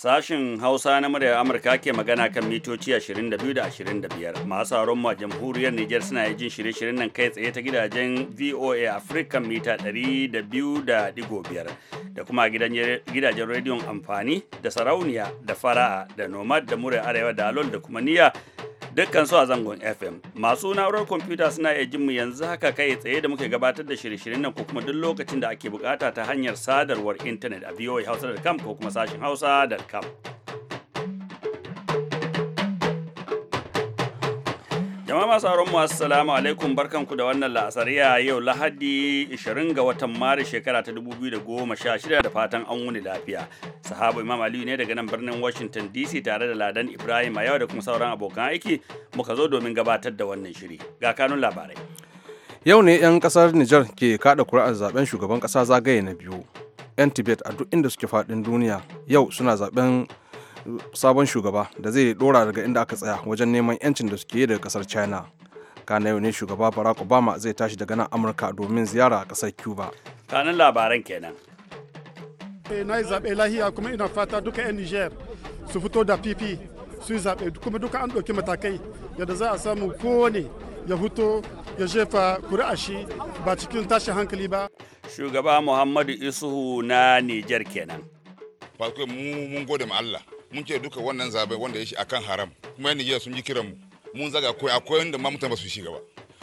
Sashin Hausa na muryar Amurka ke magana kan mitoci 22 da 25. Masu sauran ma jamhuriyar Nijar suna jin shirye-shiryen nan kai tsaye ta gidajen VOA Africa mita 200.5 da kuma gidajen rediyon amfani da sarauniya da fara'a da nomad da muryar arewa da alol da kuma niyya dukkan su a zangon FM. Masu na'urar kwamfuta suna iya jin mu yanzu haka kai tsaye da muke gabatar da shirye-shiryen nan ko kuma duk lokacin da ake bukata ta hanyar sadarwar intanet a voahausa.com ko kuma sashin hausa.com. Jama'a masu auren mu assalamu alaikum barkanku da wannan la'asariya yau Lahadi 20 ga watan Maris shekara ta 2016 da fatan an wuni lafiya. Sahabu Imam Aliyu ne daga nan birnin Washington DC tare da Ladan Ibrahim a yau da kuma sauran abokan aiki muka zo domin gabatar da wannan shiri. Ga kanun labarai. Yau ne 'yan kasar Nijar ke kada kuri'ar zaben shugaban kasa zagaye na biyu. 'Yan Tibet a duk inda suke faɗin duniya yau suna zaben sabon shugaba da zai dora daga inda aka tsaya wajen neman 'yancin da suke da daga kasar china kana yau ne shugaba barack obama zai tashi daga nan amurka domin ziyara a kasar cuba kanin labaran kenan eh, na yi zaɓe lahiya kuma ina fata duka 'yan niger su fito da pp su yi zaɓe kuma duka an ɗauki matakai yadda za a samu kowane ya fito ya jefa kuri'a shi ba cikin tashin hankali ba shugaba muhammadu isuhu na niger kenan ba mu mun gode ma allah mun ce duka wannan zabe wanda ya shi akan haram kuma yan Nijar sun ji kiran mu mun zaga akwai akwai wanda ma mutane ba su shiga ba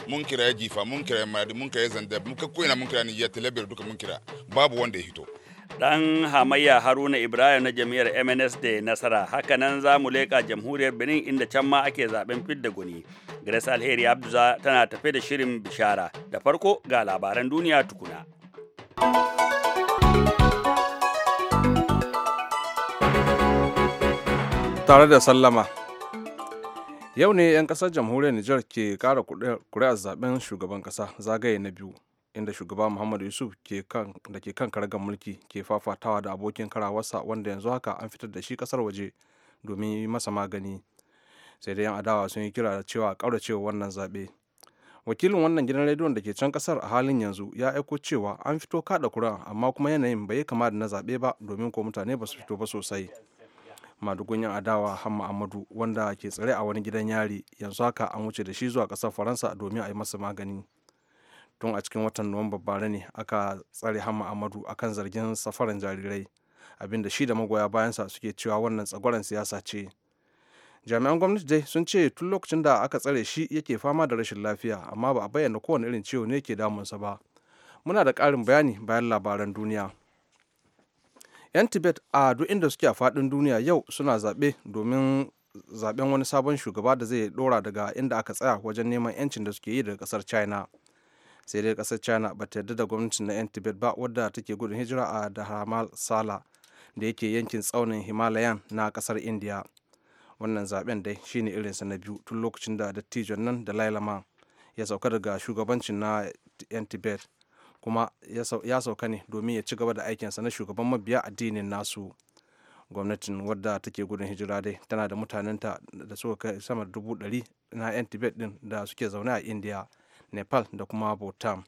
mun kira jifa mun kira madi mun kira zandab mun kakko ina mun kira Nijar talabiyar duka mun kira babu wanda ya hito dan hamayya haruna ibrahim na jam'iyyar mns da nasara hakanan za mu leƙa jamhuriyar benin inda can ma ake zaben fidda guni grace alheri abduza tana tafe da shirin bishara da farko ga labaran duniya tukuna tare da sallama yau ne 'yan kasar jamhuriyar nijar ke kara kuri'ar zaben shugaban kasa zagaye na biyu inda shugaba muhammadu yusuf da ke kan karagar mulki ke fafatawa da abokin karawarsa wanda yanzu haka an fitar da shi kasar waje domin yi masa magani sai dai yan adawa sun yi kira da cewa cewa wannan zaɓe wakilin wannan gidan rediyon da ke can kasar a halin yanzu ya aiko cewa an fito kada kuri'a amma kuma yanayin bai kama da na zaɓe ba domin ko mutane ba su fito ba sosai madugun adawa hamma amadu wanda ke tsare a wani gidan yari yanzu haka an wuce da shi zuwa kasar faransa domin a yi masa magani tun a cikin watan nuwamba bara ne aka tsare hamma amadu kan zargin safaran jarirai abinda shi da magoya bayansa suke cewa wannan tsagwaran siyasa ce jami'an gwamnati dai sun ce tun lokacin da aka tsare shi yake fama da rashin lafiya amma ba a bayyana kowane irin ciwo ne ke damunsa ba muna da ƙarin bayani bayan labaran duniya 'yan tibet a duk inda suke a fadin duniya yau suna zaɓe domin zaɓen wani sabon shugaba da zai ɗora daga inda aka tsaya wajen neman 'yancin da suke yi daga ƙasar china sai dai ƙasar china ba ta yarda da gwamnatin na 'yan tibet ba wadda take gudun hijira a dharmal sala da yake yankin tsaunin himalayan na ƙasar india wannan zaɓen dai shine irinsa na biyu tun lokacin da dattijon nan da lailama ya sauka daga shugabancin na 'yan tibet kuma ya sauka ne domin ya ci gaba da aikinsa na shugaban mabiya addinin nasu gwamnatin wadda take gudun hijira dai tana da mutanenta da suka kai sama da dubu ɗari na 'yan tibet din da suke zaune a india nepal da kuma bhutan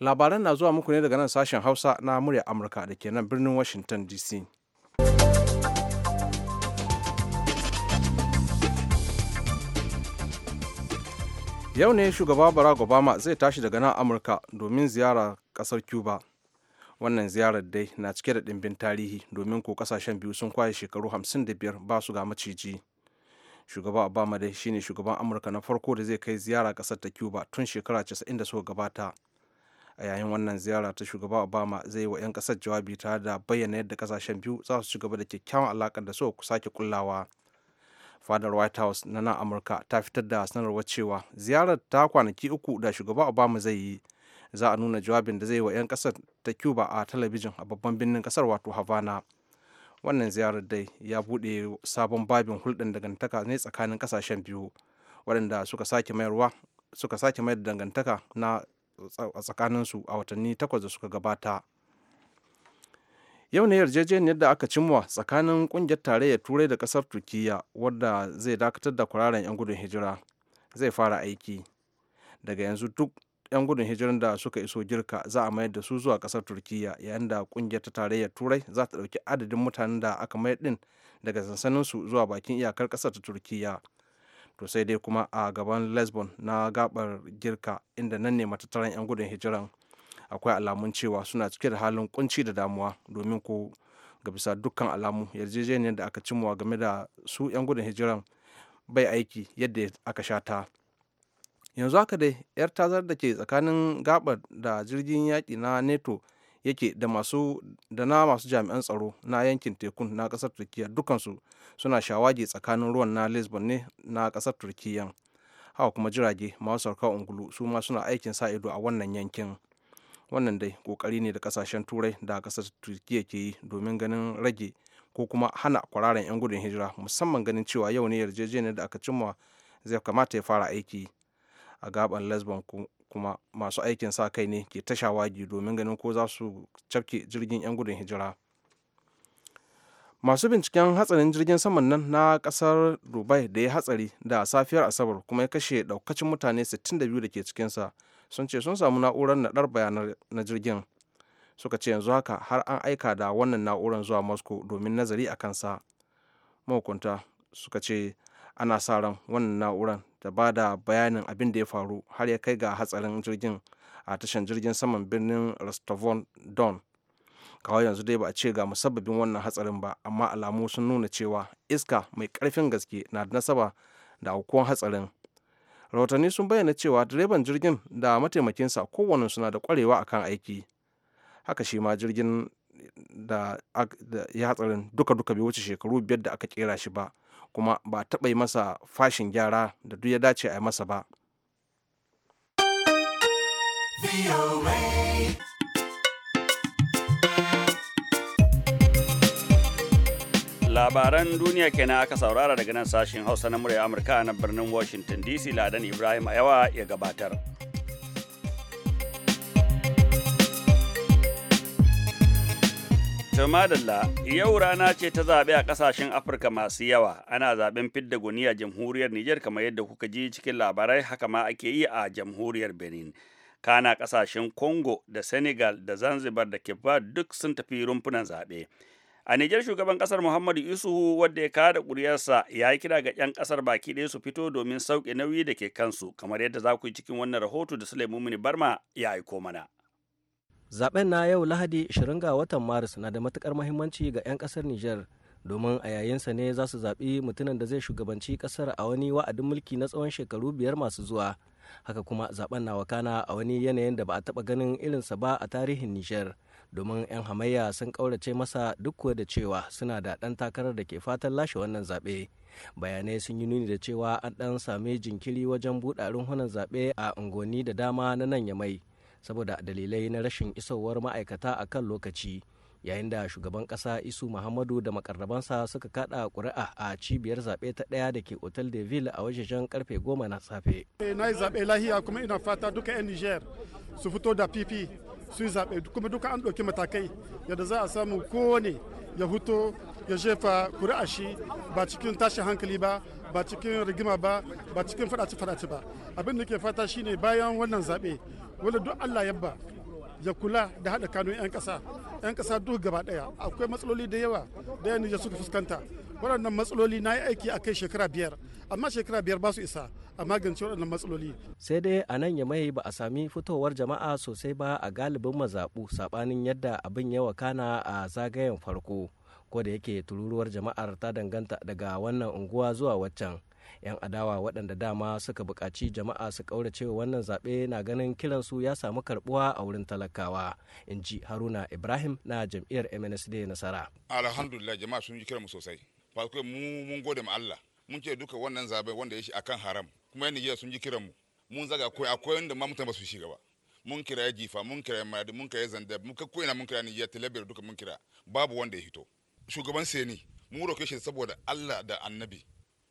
labaran na zuwa muku ne daga nan sashen hausa na murya amurka da ke nan birnin washington dc yau ne shugaba barack obama zai tashi daga nan amurka domin ziyara kasar cuba wannan ziyarar dai na cike da ɗimbin tarihi domin ko kasashen biyu sun kwaye shekaru 55 ba su ga maciji shugaba obama dai shine shugaban amurka na farko da zai kai ziyara kasar ta cuba tun shekara 90 da suka gabata a yayin wannan ziyara ta shugaba obama zai wa 'yan kasar jawabi tare da bayyana yadda kasashen biyu za su ci gaba da kyakkyawan alakar da suka sake kullawa fadar white house na nan amurka ta fitar da sanarwar cewa ziyarar ta kwanaki uku da shugaba obama zai yi za a nuna jawabin da zai yi wa 'yan kasar ta cuba a talabijin a babban birnin kasar wato havana wannan ziyarar dai ya buɗe sabon babin hulɗar dangantaka ne tsakanin kasashen biyu waɗanda suka sake mayarwa suka sake mayar da dangantaka na tsakaninsu a watanni takwas da suka gabata yau ne yarjejeniyar da aka cimma tsakanin kungiyar tarayyar turai da kasar turkiya wadda zai dakatar da kwararen 'yan gudun hijira zai fara aiki daga yanzu duk 'yan gudun hijiran da suka iso girka za a mayar da su zuwa kasar turkiya yayin da kungiyar ta tarayyar turai za ta ɗauki adadin mutanen da aka mayar din daga sansanin su zuwa bakin iyakar kasar ta turkiya to sai dai kuma a gaban lesbon na gabar girka inda nan ne matattaran 'yan gudun hijiran akwai alamun cewa suna cike da halin kunci da damuwa domin ko ga bisa dukkan alamu yarjejeniyar da aka cimowa game da su 'yan gudun hijiran bai aiki yadda aka sha ta yanzu haka dai yar tazar da ke tsakanin gabar da jirgin yaƙi na neto yake da masu da na masu jami'an tsaro na yankin tekun na ƙasar turkiya dukansu suna shawagi tsakanin ruwan na lisbon ne na ƙasar turkiyyan hawa kuma jirage masu sauka ungulu su ma suna aikin sa ido a wannan yankin wannan dai kokari ne da kasashen turai da kasar turkiya ke yi domin ganin rage ko kuma hana kwararan 'yan gudun hijira musamman ganin cewa yau ne yarjejeniyar da aka cimma zai kamata ya fara aiki a gaban lesbon kuma masu aikin sa kai ne ke ta shawagi domin ganin ko za su cafke jirgin 'yan gudun hijira masu binciken hatsarin jirgin saman nan na kasar dubai da ya hatsari da safiyar asabar kuma ya kashe daukacin mutane 62 da ke cikinsa sun ce sun samu na'urar naɗar bayanar na jirgin suka ce yanzu haka har an aika da wannan na'urar zuwa moscow domin nazari a kansa mahukunta suka ce ana sa ran wannan na'urar da ba da bayanin abin da ya faru har ya kai ga hatsarin jirgin a tashan jirgin saman birnin rostovon don kawai yanzu dai ba a ce ga musabbabin wannan hatsarin ba amma alamu sun nuna cewa iska mai karfin gaske na da nasaba da aukuwan hatsarin rahotanni sun bayyana cewa direban jirgin da mataimakinsa kowane suna da kwarewa akan aiki haka shi ma jirgin da ya hatsarin duka-duka bai wuce shekaru biyar da aka kera shi ba kuma ba taɓa yi masa fashin gyara da duk ya dace a yi masa ba. labaran duniya kenan aka saurara daga nan sashen hausa na murya amurka na birnin washington dc ladan ibrahim ayawa ya gabatar madalla yau rana ce ta zaɓe a ƙasashen afirka masu yawa ana zaɓen fidda guni a jamhuriyar nijar kamar yadda kuka ji cikin labarai haka ma ake yi a jamhuriyar benin kana ƙasashen congo da senegal da zanzibar da kebba duk sun tafi rumfunan zaɓe a Nijar shugaban kasar Muhammadu Isuhu wadda ya kada kuriyarsa ya yi kira ga 'yan kasar baki ɗaya su fito domin sauke nauyi da ke kansu kamar yadda za ku yi cikin wannan rahoto da Sulaimu Barma ya aiko mana. Zaben na yau Lahadi 20 ga watan Maris na da matukar muhimmanci ga 'yan kasar Nijar domin a yayinsa ne za su zaɓi mutumin da zai shugabanci kasar a wani wa'adin mulki na tsawon shekaru biyar masu zuwa. Haka kuma zaben na wakana a wani yanayin da ba a taɓa ganin irinsa ba a tarihin Nijar. domin 'yan hamayya sun ƙaurace masa duk da cewa suna da ɗan takarar da ke fatan lashe wannan zaɓe bayanai sun yi nuni da cewa an ɗan sami jinkiri wajen buɗe runhunan zaɓe a unguwanni da dama na nan ya mai saboda dalilai na rashin isowar ma'aikata a kan lokaci yayin da shugaban ƙasa isu muhammadu da makarrabansa suka kada ƙuri'a a cibiyar zaɓe ta ɗaya da ke otal de ville a wajejen karfe goma na safe na yi zaɓe lahiya kuma ina fata duka 'yan niger su fito da pp. su yi zaɓe kuma duka an ɗauki matakai yadda za a samu kowane ya huto ya jefa kuri'a shi ba cikin tashin hankali ba ba cikin rigima ba ba cikin faɗace-faɗace ba abin da ke fata shine bayan wannan zaɓe wanda duk allah yabba ya kula da haɗa kanun 'yan ƙasa 'yan ƙasa duk gaba ɗaya akwai matsaloli da yawa da ya suka fuskanta waɗannan matsaloli na yi aiki a kai shekara biyar amma shekara biyar ba su isa a magance waɗannan matsaloli. Sai dai a nan ya mai ba a sami fitowar jama'a sosai ba a galibin mazaɓu saɓanin yadda abin ya wakana a zagayen farko. Ko da yake tururuwar jama'ar ta danganta daga wannan unguwa zuwa waccan. 'yan adawa waɗanda dama suka buƙaci jama'a su kauracewa wannan zaɓe na ganin kiransu ya samu karɓuwa a wurin talakawa in ji haruna ibrahim na jam'iyyar mnsd nasara alhamdulillah jama'a sun ji kiranmu sosai mu mun gode ma allah mun ce duka wannan zaben wanda ya shi akan haram kuma yan Nigeria sun ji kiran mu mun zaga akwai akwai wanda ma mutane ba su shiga ba mun kira jifa mun kira maradi mun kira zanda mun kakko na mun kira Nigeria talabiyar duka mun kira babu wanda ya hito shugaban seni mun roke shi saboda Allah da annabi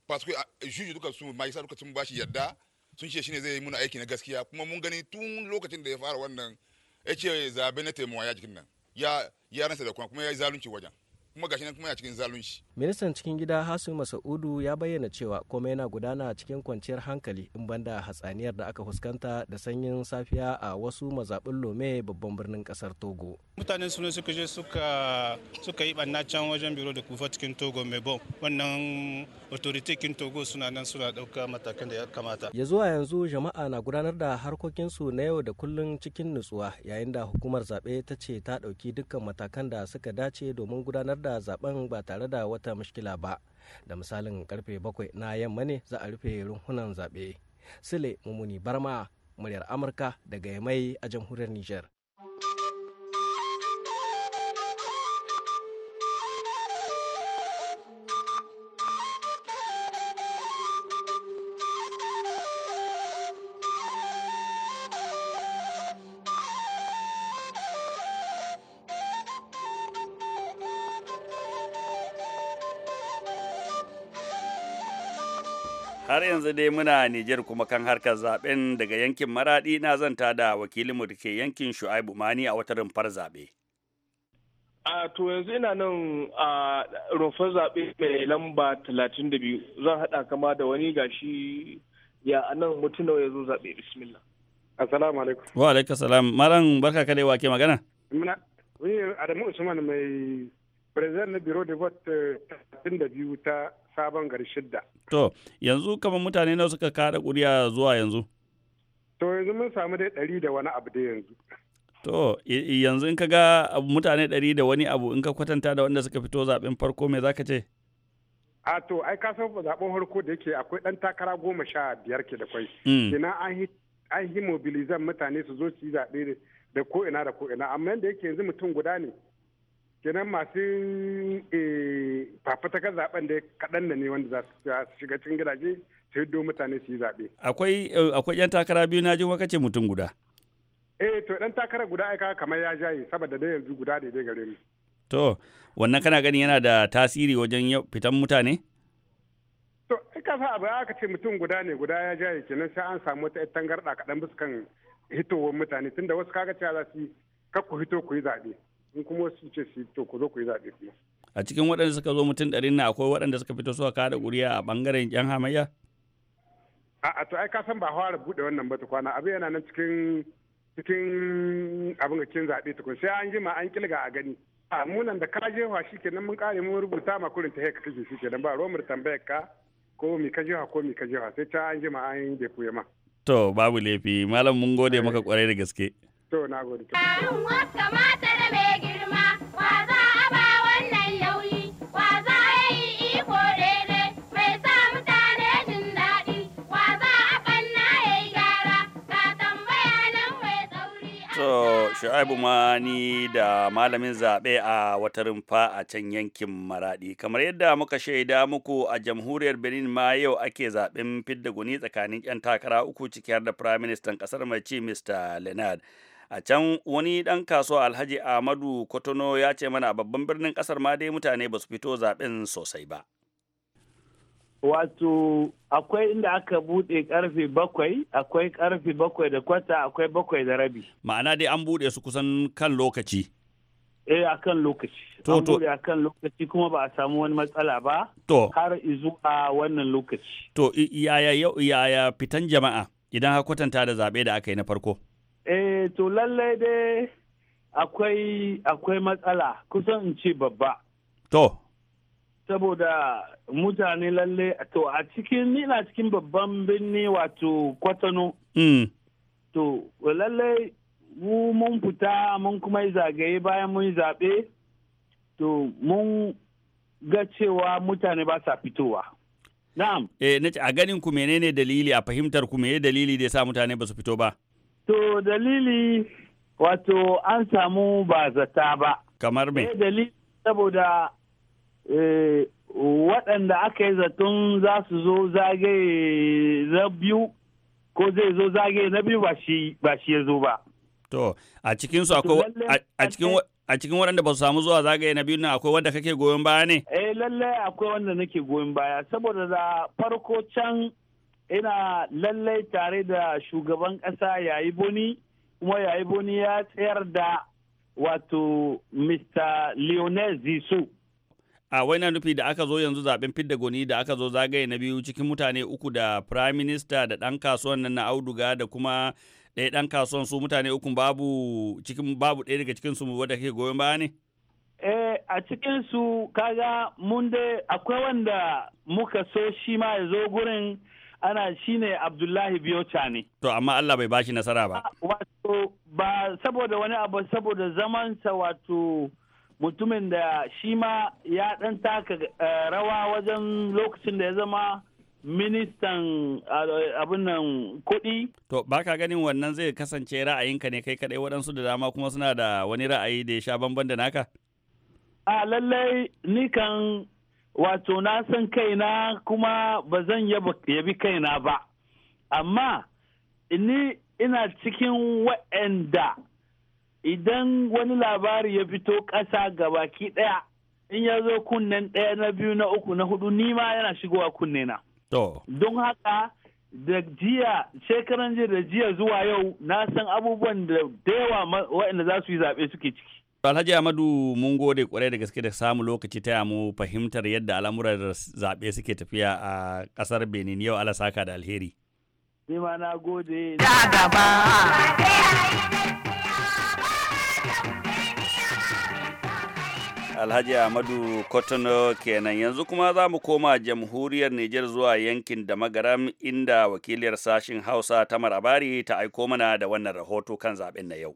paskui ah, juju duka su majisa duka sun bashi yadda sun ce shine zai yi muna aiki na gaskiya kuma mun gani tun lokacin da ya fara wannan ya ce zabe na taimawa ya jikin nan ya ransa da kuma ya yi zalunci wajen kuma gashi nan kuma ya cikin zalunci ministan cikin gida hasu masaudu ya bayyana cewa komai yana gudana cikin kwanciyar hankali in banda hatsaniyar da aka fuskanta da sanyin safiya a wasu mazaɓin lome babban birnin ƙasar togo mutanen suna suka je suka suka yi ɓanna can wajen biro da kufa cikin togo mai bom wannan authority kin togo suna nan suna ɗauka matakan da ya kamata ya zuwa yanzu jama'a na gudanar da harkokinsu na yau da kullun cikin nutsuwa yayin da hukumar zaɓe ta ce ta ɗauki dukkan matakan da suka dace domin gudanar da da zaben ba tare da wata mushkila ba da misalin karfe bakwai na yamma ne za a rufe runhunan zaɓe sile mummuni barma muryar amurka daga yamai a jamhuriyar nijar. har yanzu dai muna Nijar kuma kan harkar zaben daga yankin Maradi na zanta da wakilinmu da ke yankin Shu'aibu Mani a wata rumfar zaɓe. A to yanzu ina nan a rumfar zaɓe mai lamba 32 zan haɗa kama da wani gashi ya anan mutuna ya zo zaɓe bismillah. Assalamu alaikum. Wa alaikum salam. Maran barka kai wake magana? Muna Adamu Usman mai president na Biro de Vote 32 eh, ta sabon gari shidda. To, yanzu kamar mutane nawa suka kada kuriya zuwa yanzu? To, yanzu mun samu dai ɗari da wani abu da yanzu. To, yanzu in ka ga mutane ɗari da wani abu in ka kwatanta da wanda suka fito zaɓen farko me za ka ce? A to, ai ka san zaɓen farko da yake akwai ɗan takara goma sha biyar ke da kwai. Ina mm. an yi mobilizan mutane su zo su yi zaɓe da ko ina da ko ina, amma yadda yake yanzu mutum guda ne. kenan masu eh, fafatakar zaben da kaɗan da ne wanda za su shiga cikin gidaje su hiddo mutane su yi zaɓe. Akwai eh, akwai yan takara biyu na ji waka ce mutum guda. Eh to ɗan takara guda aika kamar ya jaye saboda dai yanzu guda da dai gare mu. To wannan kana ganin yana da tasiri wajen fitan mutane? To ka sa abu aka ce mutum guda ne guda ya jaye kenan sai an samu wata tangarɗa kaɗan bisa kan hitowar mutane tunda wasu kaga cewa za su yi kar ku hito ku yi zaɓe. in kuma wasu ce su to ku zo ku yi zaɓe kuma. a cikin waɗanda suka zo mutum ɗari na akwai waɗanda suka fito suka kada ƙuri'a a ɓangaren yan hamayya. a to ai ka san ba fara buɗe wannan ba kwana abin yana nan cikin cikin abin da kin zaɓe tukun sai an jima an kilga a gani. a munan da ka je wa nan mun kare mun rubuta ma kurin ta haika kake nan ba romar tambayar ka ko mi ka je ko mi ka je sai ta an jima an yi da ma. to babu laifi malam mun gode maka kwarai da gaske. To na gode. mata da mai girma wa za a ba wannan yauli wa za a yi iko daidai mai sa mutane jin daɗi wa za a kanna ya yi gyara ka tambaya nan mai tsauri. To Shu'aibu ma ni da malamin zaɓe a wata rumfa a can yankin Maraɗi. Kamar yadda muka shaida muku a jamhuriyar Benin ma yau ake zaɓen fidda guni tsakanin 'yan takara uku ciki har da Firaministan ƙasar mai ci Mr. Leonard. a can wani dan kasuwa alhaji ahmadu kotono ya ce mana a babban birnin kasar ma dai mutane ba su fito zaben sosai ba wato akwai inda aka bude karfe bakwai akwai karfe bakwai da kwata akwai bakwai da rabi ma'ana dai an buɗe su kusan kan lokaci eh kan lokaci an buɗe kan lokaci kuma ba a samu wani matsala ba to har izu a wannan lokaci to yaya yaya fitan jama'a idan ha kwatanta da zaɓe da aka yi na farko eh to lallai dai akwai akwai matsala kusan in ce babba to saboda mutane lalle to a cikin nina cikin babban birni wato kwatano mm. to lalle mu mun fita mun kuma yi zagaye bayan mun yi zaɓe to mun ga cewa mutane ba sa fitowa na'am eh a ganin ku menene dalili a fahimtar ku me dalili da ya sa mutane ba su fito ba To dalili wato an samu ba zata ba. Kamar me? Eh, dalili saboda eh, waɗanda aka yi zaton za su zo zagaye na biyu ko zai zo zagaye na biyu ba shi ya zo ba. To, a cikin su akwai a cikin waɗanda ba su samu zuwa zagaye na biyu nan akwai wanda kake goyon baya ne? Eh lalle akwai wanda nake goyon baya saboda da farko can ina lallai tare da shugaban ƙasa yayi boni kuma yayi boni ya tsayar da wato mr lionel zisu a wai na nufi da aka zo yanzu zaben fidda goni da aka zo zagaye na biyu cikin mutane uku da prime minister da dan kasuwan nan na auduga da kuma ɗaya dan kasuwan su mutane uku babu cikin babu ɗaya daga cikin su wadda ke goyon baya ne eh a cikin su kaga mun dai akwai wanda muka so shi ma ya zo gurin ana shine Abdullahi Biyocha ne. To amma Allah bai bashi nasara ba. Wato ba saboda wani abu saboda zamansa wato mutumin da shi ma ya ɗan taka eh, rawa wajen lokacin da ya zama ministan eh, abin nan kuɗi. To ba ka ganin wannan zai kasance ra'ayinka ne kai kaɗai waɗansu da dama kuma suna da wani ra'ayi da ya sha bamban da naka? A lallai ni kan wato na san kaina kuma ba zan yabi kaina ba amma ni ina cikin waɗanda idan wani labari ya fito ƙasa ga baki ɗaya in ya zo kunnen ɗaya na biyu na uku na hudu nima yana shigowa kunne na. Don haka da jiya shekaran jiya da jiya zuwa yau na san abubuwan da yawa waɗanda za su yi zaɓe suke ciki. Alhaji Amadu mun gode kwarai da gaske da samu lokaci ta mu fahimtar yadda al'amuran zaɓe suke tafiya a ƙasar Benin yau ala saka da alheri. Nima na gode. Alhaji Ahmadu Kotono kenan yanzu kuma za mu koma jamhuriyar Nijar zuwa yankin da magaram inda wakiliyar sashin Hausa ta marabari ta aiko mana da wannan rahoto kan zaɓen na yau.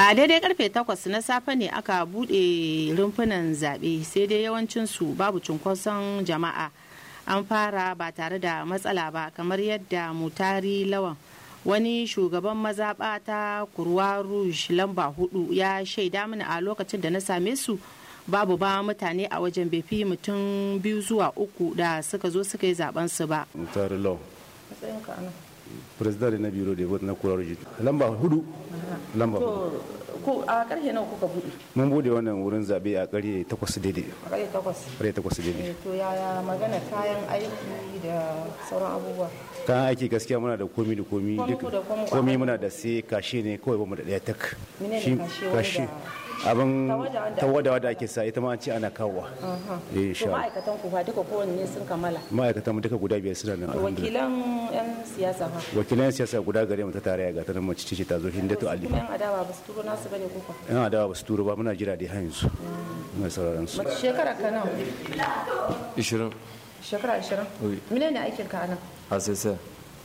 a daidai karfe 8 na safe ne aka bude rumfunan zaɓe sai dai yawancinsu babu cunkoson jama'a an fara ba tare da matsala ba kamar yadda mutari lawan wani shugaban mazaɓa ta kurwa rouge lamba hudu ya shaida mini a lokacin da na same su babu ba mutane a wajen bai fi mutum biyu zuwa uku da suka zo suka yi zaben su ba mutari lawan president na biro da na kurwa rouge lamba hudu lamba ko a karshe nawa kuka bude mun bude wannan wurin zabe a karfe 8 daidai karfe 8 karfe 8 daidai eh, to yaya magana kayan aiki da sauran abubuwa kayan aiki gaskiya muna da komi da komi duk komi muna da sai kashe ne kawai bamu da daya tak shi kashe abin tawada wada ake sa ita ma ce ana kawowa eh insha Allah ma'aikatan ku duka ne sun kammala ma'aikatan mu duka guda biyar suna nan wakilan yan siyasa fa wakilan siyasa guda gare mu ta tarayya ga tanan mace ce ta zo Hindatu Ali yan adawa ba su turo nasu bane ko fa yan adawa ba su turo ba muna jira dai har yanzu muna sauraron su shekara ka nawa 20 shekara 20 mene ne aikin ka anan a sai sai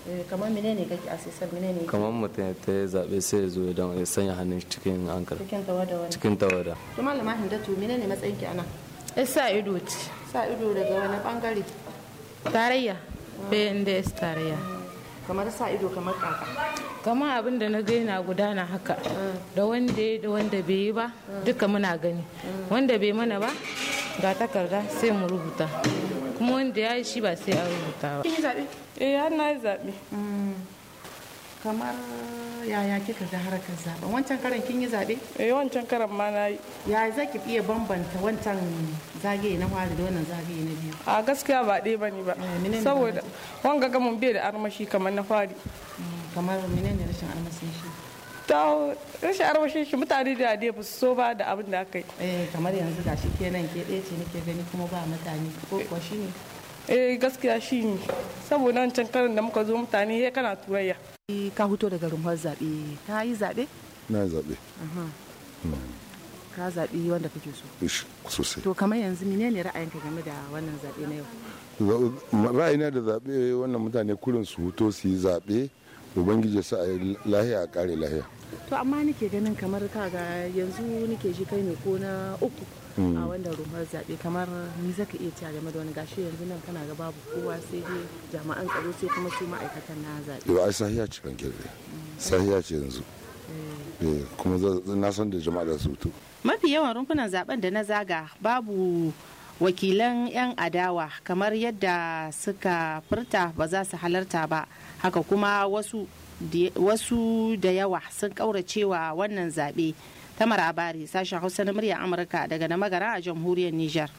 Eh, kamar mine ne kake asisar mine ne kamar mutum ya ta zaɓe sai ya zo ya idan ya sanya hannun cikin ankara cikin tawada wani cikin tawada to malama hindatu mine ne matsayin ki ana eh, sa ido ci sa ido daga wani bangare tarayya ah. bayan da pnds tarayya ah. kamar sa ido kamar kaka kamar abin da na gaina gudana haka ah. da wanda ya da wanda bai yi ba duka muna gani wanda bai mana ba ga takarda sai mu rubuta kuma wanda ya yi shi ba sai an rubuta ba kin zabe eh har na zabe mm. kamar yaya kika ga harkar zaben wancan karan kin yi zabe eh wancan karan ma na yi Ya zaki iya bambanta wancan zagaye na fari da wannan zagaye na biyu a gaskiya ba ɗaya bane ba eh, saboda wanga gamin bai da armashi kamar na fari mm, kamar menene rashin armashin shi ta rashin armashin shi mutane da ne ba so ba da abin da aka yi eh kamar yanzu shi kenan ke ɗaya ce nake gani kuma ba mutane ko kuwa shi ne eh gaskiya shi ne saboda wancan karin da muka zo mutane ya kana turayya ka huto daga rumfar zaɓe ka yi zaɓe na zaɓe hmm. ka zaɓi wanda kake so sosai to kamar yanzu ne ra'ayinka game da wannan zaɓe na yau ra'ayina da zaɓe wannan mutane kurin su huto su yi zaɓe ubangiji sa a lahiya a kare lahiya to amma nake ganin kamar kaga yanzu nake shi kai ne ko na uku a mm. wanda rumar zaɓe kamar ni zaka iya cewa game da wani gashi yanzu nan kana ga babu kowa sai dai jami'an tsaro sai kuma su ma'aikatan na zaɓe. Yau ai sahiya ce ban kirɗe sahiya ce yanzu. Eh. Eh, kuma na san da jama'a da su Mafi yawan rumfunan zaben da na zaga babu wakilan 'yan adawa kamar yadda suka furta ba za su halarta ba haka kuma wasu wasu da yawa sun kauracewa wannan zaɓe tamar abari sashen hausa na murya amurka daga na magara a jamhuriyar nijar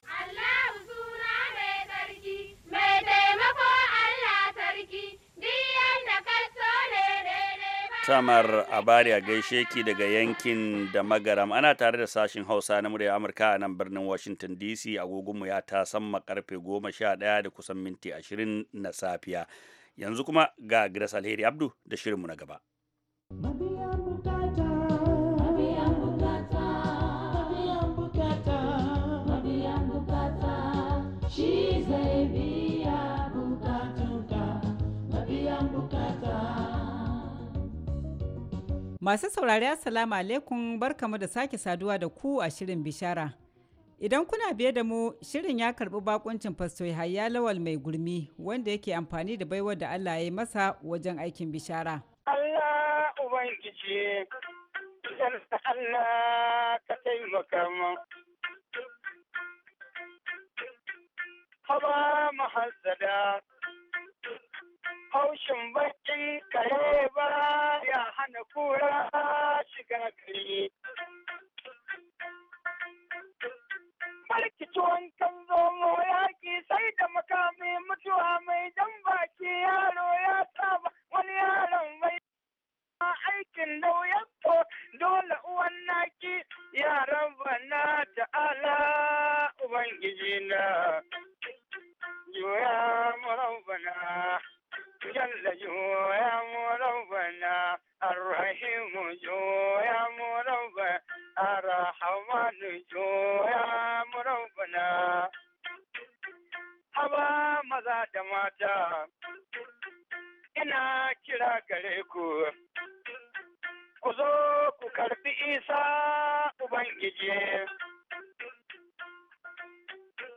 Samar Abari a gaishe ki daga yankin da magaram ana tare da sashin Hausa na murya Amurka a nan birnin Washington DC agogonmu ya ta samma karfe 11 da kusan minti 20 na safiya. yanzu kuma ga Grace Alheri Abdu da shirinmu na gaba. Masu saurari Assalamu alaikum barkamu da sake saduwa da ku a shirin bishara. Idan kuna biye da mu, shirin ya karbi bakuncin Fasto Yahaya Lawal mai gurmi wanda yake amfani da baiwar da Allah ya masa wajen aikin bishara. Allah Ubangiji, Allah ka taimaka mu. Haba mahazzada, haushin bakin kare ba ya hana kura shiga gari. on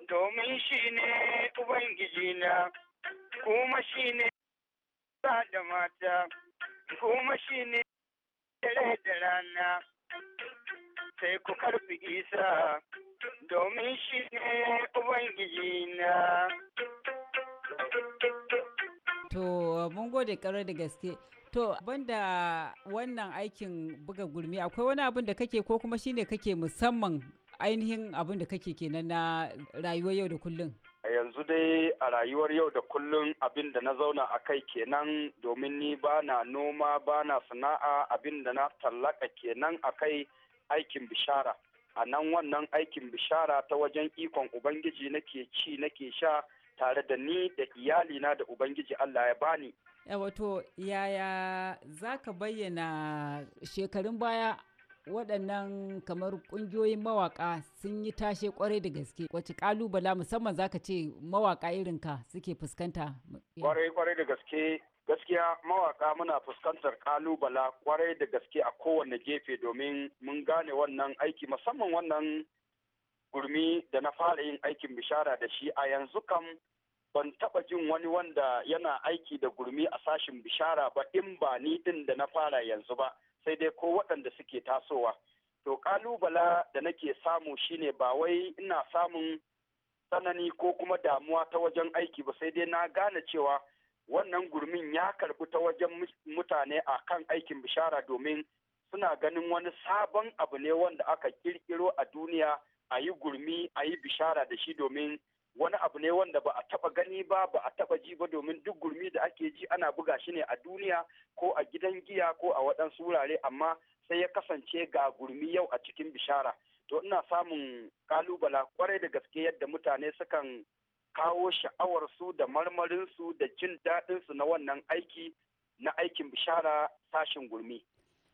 domin shi ne Ubangijina, kuma shi ne da mata, kuma shi ne da rana, sai ku karfi isa, domin shi ne Ubangijina. To, mun gode kare da gaske. To banda wannan aikin buga gurmi akwai wani abin da kake ko kuma shine kake musamman ainihin abin da kake kenan na rayuwar yau da kullum. yanzu dai a rayuwar yau da kullun abin da na zauna a kai kenan domin ni ba na noma ba na sana'a abin da na tallaka kenan a kai aikin bishara a nan wannan aikin bishara ta wajen ikon ubangiji nake ci nake sha tare da ni da iyalina da ubangiji allah ya bani wato yaya za ka bayyana shekarun baya waɗannan kamar ƙungiyoyin mawaka sun yi tashe kwarai da gaske wacce ƙalubala musamman za ka ce mawaƙa irin ka suke fuskanta kwarai kwarai da gaske gaskiya mawaƙa muna fuskantar ƙalubala kwarai da gaske a kowane gefe domin mun gane wannan aiki musamman wannan gurmi da na fara yin aikin bishara da shi a yanzu kam ban taba jin wani wanda yana aiki da gurmi a sashin bishara ba in ba ni din da na fara yanzu ba sai dai ko waɗanda suke tasowa to kalubala da nake samu shine ba wai ina samun tsanani ko kuma damuwa ta wajen aiki ba sai dai na gane cewa wannan gurmin ya karbi ta wajen mutane a kan aikin bishara domin suna ganin wani sabon abu ne wanda aka kirkiro a duniya a yi gurmi a yi bishara da shi domin wani abu ne wanda ba a taba gani ba ba a taba ji ba domin duk gurmi da ake ji ana buga shi ne a duniya ko a gidan giya ko a waɗansu wurare amma sai ya kasance ga gurmi yau a cikin bishara to ina samun kalubala kwarai da gaske yadda mutane sukan kawo sha'awarsu da marmarinsu da jin daɗinsu na wannan aiki na aikin bishara sashin gurmi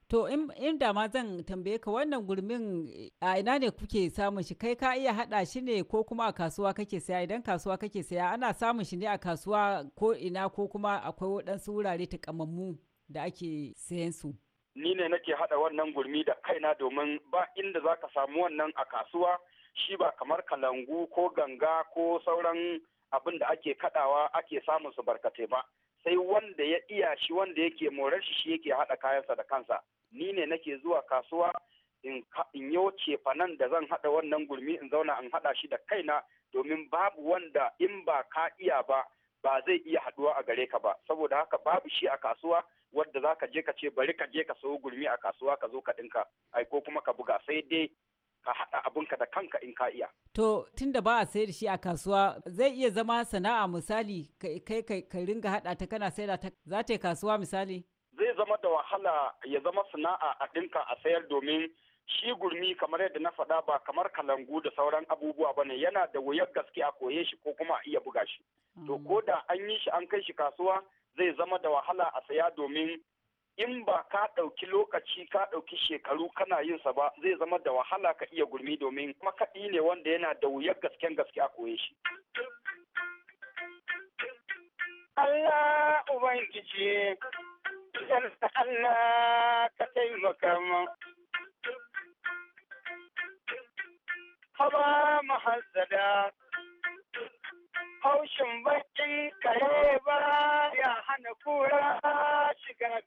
To in da ma zan tambaye ka wannan gurmin a ina ne kuke samun shi kai ka iya haɗa shi ne ko kuma a kasuwa kake saya idan kasuwa kake saya ana samun shi ne a kasuwa ko ina ko kuma akwai waɗansu wurare takamammu da ake sayan su. Ni ne nake haɗa wannan gurmi da kaina domin ba inda za ka samu wannan a kasuwa shi ba kamar kalangu ko ganga ko sauran abin da ake kaɗawa ake samun su barkatai ba sai wanda ya iya shi wanda yake morar shi shi yake haɗa kayansa da kansa ni ne nake zuwa kasuwa in yi wace fanan da zan haɗa wannan gurmi in zauna in haɗa shi da kaina domin babu wanda in ba ka iya ba ba zai iya haɗuwa a gare ka ba saboda haka babu shi a kasuwa wadda za ka je ka ce bari ka je ka sayo gurmi a kasuwa ka zo ka ɗinka ai ko kuma ka buga sai dai ka haɗa abinka da kanka in ka iya. To tun da ba a sayar da shi a kasuwa zai iya zama sana'a misali kai ka ringa haɗa ta kana sayar ta za ta yi kasuwa misali? Zai zama da wahala ya zama sana'a a ɗinka a sayar domin shi gurmi kamar yadda na faɗa ba kamar kalangu da sauran abubuwa bane yana da wuyar gaske a koye shi ko kuma a iya buga shi. To mm. ko da an yi shi an kai shi kasuwa zai zama da wahala a saya domin in ba ka ɗauki lokaci ka ɗauki shekaru kana yin sa ba zai zama da wahala ka iya gurmi domin makaɗi ne wanda yana da wuyar gasken gaske a koye shi. Allah Ubangiji, Allah ka taimaka mu. Haba mahazzada, haushin bakin kare ba ya hana kura Jack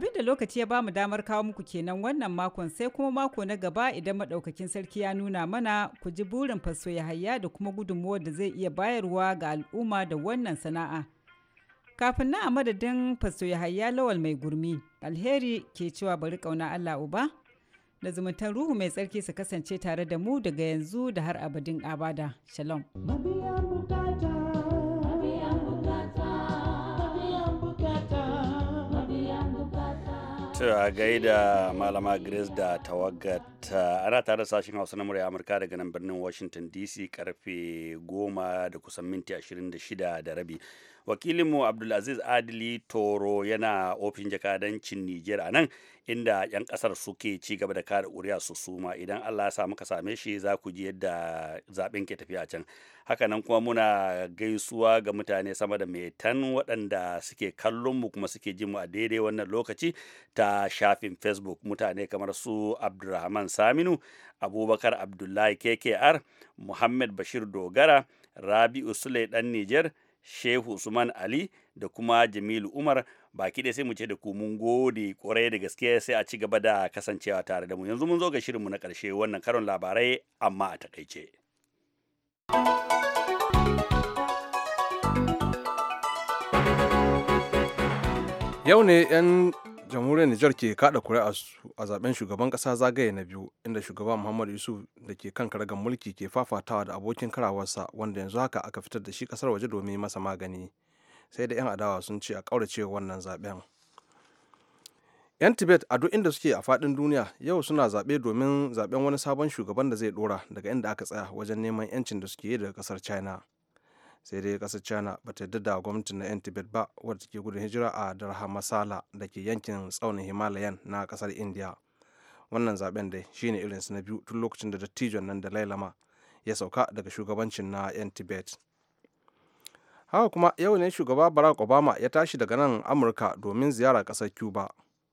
Abin da lokaci ya bamu damar kawo muku kenan wannan makon sai kuma mako na gaba idan madaukakin sarki ya nuna mana ku ji burin faso ya hayya da kuma gudunmuwar da zai iya bayarwa ga al'umma da wannan sana'a. Kafin na a madadin faso ya hayya lawal mai gurmi, alheri ke cewa bari kauna Allah uba. da zumuntar ruhu mai tsarki su kasance tare da mu daga yanzu da har abadin abada. Shalom. a gaida Malama Grace da tawagar ana tare da sashen hausa na murya amurka daga nan birnin washington dc karfe goma da kusan minti 26 da rabi wakilinmu abdulaziz adili toro yana ofishin jakadancin niger a nan inda 'yan kasar suke ci gaba da kada ƙuri'a su suma idan allah ya samu ka same shi za ku ji yadda zaben ke tafiya can hakanan kuma muna gaisuwa ga mutane sama da metan waɗanda suke kallon mu kuma suke jin mu a daidai wannan lokaci ta shafin facebook mutane kamar su abdulrahman saminu abubakar abdullahi kkr muhammad bashir dogara rabi'u sule dan nijar shehu usman ali da kuma jamilu umar baki ɗaya sai mu ce da ku mun gode kwarai da gaske sai a ci gaba da kasancewa tare da mu yanzu mun zo ga shirinmu na ƙarshe wannan karon labarai amma a takaice. Yau ne 'yan jamhuriyar nijar ke kada kuri'a a zaben shugaban kasa zagaye na biyu inda shugaba muhammadu yusuf da ke kan karagar mulki ke fafatawa da abokin karawarsa wanda yanzu haka aka fitar da shi kasar waje domin masa magani sai da 'yan adawa sun ce a kaurace wannan zaben 'yan tibet a duk inda suke a fadin duniya yau suna zaɓe domin zaɓen wani sabon shugaban da zai dora daga inda aka tsaya wajen neman 'yancin da suke yi daga kasar china sai dai kasar china ba ta da gwamnatin na 'yan tibet ba wadda ke gudun hijira a darha masala da ke yankin tsaunin himalayan na kasar india wannan zaben dai shine su na biyu tun lokacin da dattijon nan da lailama ya sauka daga shugabancin na 'yan tibet haka kuma yau ne shugaba barack obama ya tashi daga nan amurka domin ziyara kasar cuba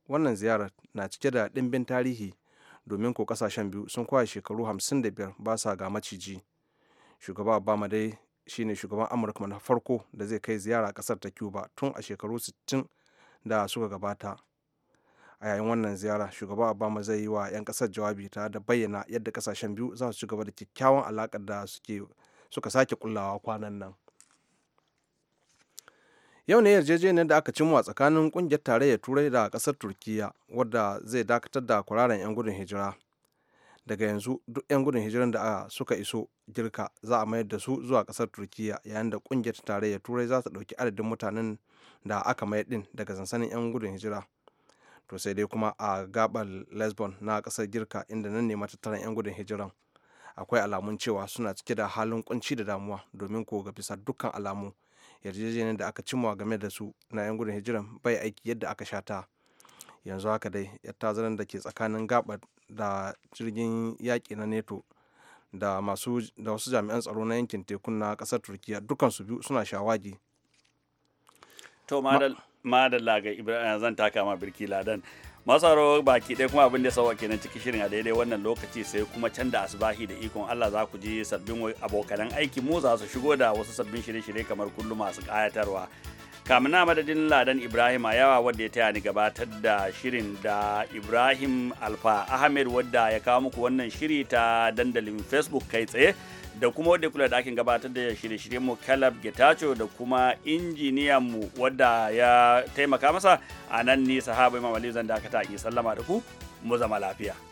wannan ziyarar na cike da dimbin tarihi domin ko kasashen biyu sun kwaya shekaru 55 ba sa ga maciji shugaba obama dai shine shugaban amurka na farko da zai kai ziyara kasar ta cuba tun a shekaru 60 da suka gabata a yayin wannan ziyara shugaba obama zai yi wa 'yan kasar jawabi ta da bayyana yadda kasashen biyu za su da kyakkyawan alakar da suka sake kullawa kwanan nan yau ne yarjejeniyar da aka cimma tsakanin kungiyar tarayyar turai da kasar turkiya wadda zai dakatar da kwararen 'yan gudun hijira daga yanzu duk 'yan gudun hijiran da aka suka iso girka za a mayar da su zuwa kasar turkiya yayin da kungiyar tarayyar turai za ta ɗauki adadin mutanen da aka mayar din daga sansanin 'yan gudun hijira to sai dai kuma a gabar lesbon na kasar girka inda nan ne matattaran 'yan gudun hijiran akwai alamun cewa suna cike da halin kunci da damuwa domin ko ga bisa dukkan alamu yarjejeniyar da aka cimma game da su na 'yan gudun hijiran bai aiki yadda aka shata yanzu haka dai yar tazarar da ke tsakanin gabar da jirgin yaƙi na neto da masu da wasu jami'an tsaro na yankin tekun na ƙasar turkiya dukansu biyu suna shawagi to madalla ga ibrahim zan taka ma birki ladan masaro baki ɗaya kuma abin da sauwa kenan cikin shirin a daidai wannan lokaci sai kuma can da asibahi da ikon Allah za ku ji sabbin abokanan aiki mu za su shigo da wasu sabbin shirye-shirye kamar kullum masu ƙayatarwa kamun madadin ladan ibrahim a yawa wadda ya taya ni gabatar da shirin da ibrahim alfa ahmed wadda ya kawo muku wannan shiri ta dandalin facebook kai tsaye da kuma wadda kula da akin gabatar da shirye-shiryen mu kalab getacho da kuma injiniyan mu wadda ya taimaka masa a nan ni sahaba imam da aka dakata in sallama da ku mu zama lafiya